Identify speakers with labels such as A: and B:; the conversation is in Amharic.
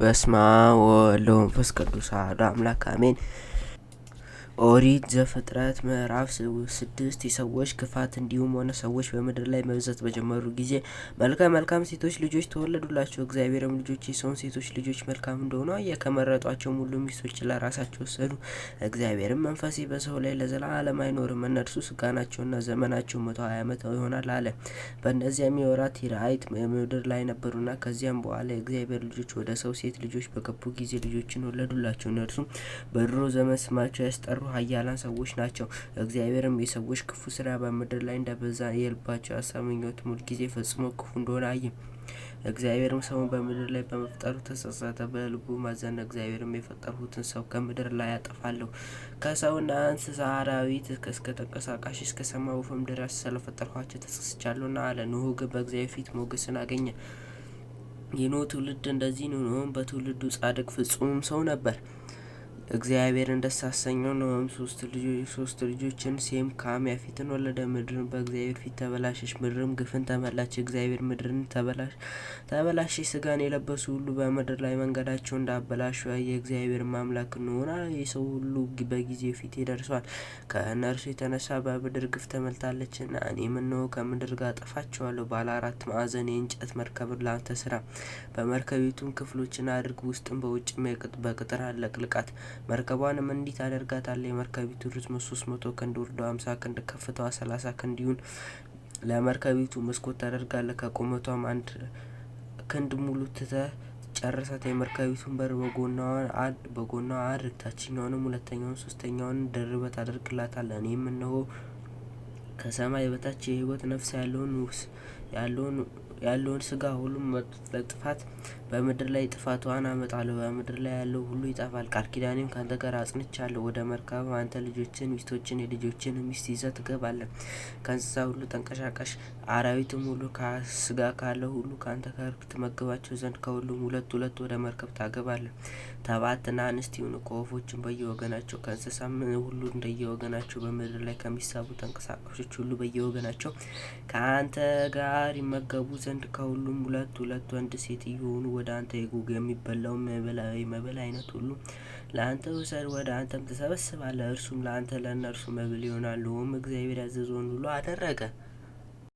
A: በስማ ወወልድ ወመንፈስ ቅዱስ አሐዱ አምላክ አሜን። ኦሪት ዘፍጥረት ምዕራፍ ስድስት የሰዎች ክፋት እንዲሁም ሆነ ሰዎች በምድር ላይ መብዛት በጀመሩ ጊዜ መልካም መልካም ሴቶች ልጆች ተወለዱላቸው። እግዚአብሔርም ልጆች የሰውን ሴቶች ልጆች መልካም እንደሆኑ አየ፣ ከመረጧቸውም ሁሉ ሚስቶች ለራሳቸው ወሰዱ። እግዚአብሔርም መንፈሴ በሰው ላይ ለዘላለም አይኖርም፣ እነርሱ ስጋናቸውና ዘመናቸው መቶ ሀያ ዓመት ይሆናል አለ። በእነዚያም የወራት ራይት ምድር ላይ ነበሩና ከዚያም በኋላ የእግዚአብሔር ልጆች ወደ ሰው ሴት ልጆች በገቡ ጊዜ ልጆችን ወለዱላቸው። እነርሱም በድሮ ዘመን ስማቸው ያስጠሩ ኃያላን ሰዎች ናቸው። እግዚአብሔርም የሰዎች ክፉ ስራ በምድር ላይ እንደበዛ የልባቸው ሀሳብ ምኞት ሁልጊዜ ፈጽሞ ክፉ እንደሆነ አየ። እግዚአብሔርም ሰውን በምድር ላይ በመፍጠሩ ተጸጸተ፣ በልቡ ማዘነ። እግዚአብሔርም የፈጠርሁትን ሰው ከምድር ላይ አጠፋለሁ፣ ከሰውና እንስሳ፣ አራዊት እስከ ተንቀሳቃሽ እስከ ሰማይ ወፍም ድረስ ስለፈጠርኋቸው ተጸጽቻለሁና አለ። ኖህ ግን በእግዚአብሔር ፊት ሞገስን አገኘ። የኖህ ትውልድ እንደዚህ ነው። ኖህም በትውልዱ ጻድቅ ፍጹምም ሰው ነበር። እግዚአብሔርን ደስ አሰኘው። ኖህም ሶስት ልጆች ሶስት ልጆችን ሴም፣ ካም፣ ያፌትን ወለደ። ምድርን በእግዚአብሔር ፊት ተበላሸች፣ ምድርም ግፍን ተመላች። እግዚአብሔር ምድርን ተበላሽ ተበላሸች፣ ስጋን የለበሱ ሁሉ በምድር ላይ መንገዳቸው እንዳበላሹ ያየ እግዚአብሔር አምላክ ኖኅን አለ፣ የሰው ሁሉ በጊዜ ፊት ይደርሷል። ከእነርሱ የተነሳ በምድር ግፍ ተመልታለች ተመልታለችና እኔም እነሆ ከምድር ጋር ጠፋቸዋለሁ። ባለ አራት ማዕዘን የእንጨት መርከብን ለአንተ ስራ፣ በመርከቢቱም ክፍሎችን አድርግ፣ ውስጥም በውጭም በቅጥር አለቅልቃት መርከቧንም እንዲህ አደርጋታለ የመርከቢቱ ርዝመት ሶስት መቶ ክንድ ወርዶ ሀምሳ ክንድ ከፍታዋ ሰላሳ ክንድ ይሁን። ለመርከቢቱ መስኮት ታደርጋለህ። ከቁመቷም አንድ ክንድ ሙሉ ትተህ ጨርሰት። የመርከቢቱን በር በጎናዋን አድ በጎናዋ አድርግ። ታችኛውንም፣ ሁለተኛውን፣ ሶስተኛውን ደርበህ ታደርግላታለህ። እኔም እነሆ ከሰማይ በታች የህይወት ነፍስ ያለውን ያለውን ያለውን ስጋ ሁሉም መጥፋት በምድር ላይ ዋና አመጣለሁ፣ በምድር ላይ ያለው ሁሉ ይጠፋል። ቃል ኪዳኔም ከአንተ ጋር አጽንቻለሁ። ወደ መርከብ አንተ ልጆችን፣ ሚስቶችን፣ የልጆችን ሚስት ይዘ ትገባለን። ከእንስሳ ሁሉ ተንቀሳቃሽ አራዊትም ሁሉ ስጋ ካለው ሁሉ ከአንተ ጋር ትመግባቸው ዘንድ ከሁሉም ሁለት ሁለት ወደ መርከብ ታገባለን። ተባትና አንስት ይሁኑ ከወፎችን በየወገናቸው ከእንስሳም ሁሉ እንደየወገናቸው በምድር ላይ ከሚሳቡ ተንቀሳቃሾች ሁሉ በየወገናቸው ከአንተ ጋር ይመገቡ ዘንድ ከሁሉም ሁለት ሁለት ወንድ ሴት እየሆኑ ወደ አንተ ይጉጉ። የሚበላውን መብል አይነት ሁሉ ለአንተ ውሰድ፣ ወደ አንተም ትሰበስባለ፣ እርሱም ለአንተ ለእነርሱ መብል ይሆናል። ሆም እግዚአብሔር ያዘዘውን ሁሉ አደረገ።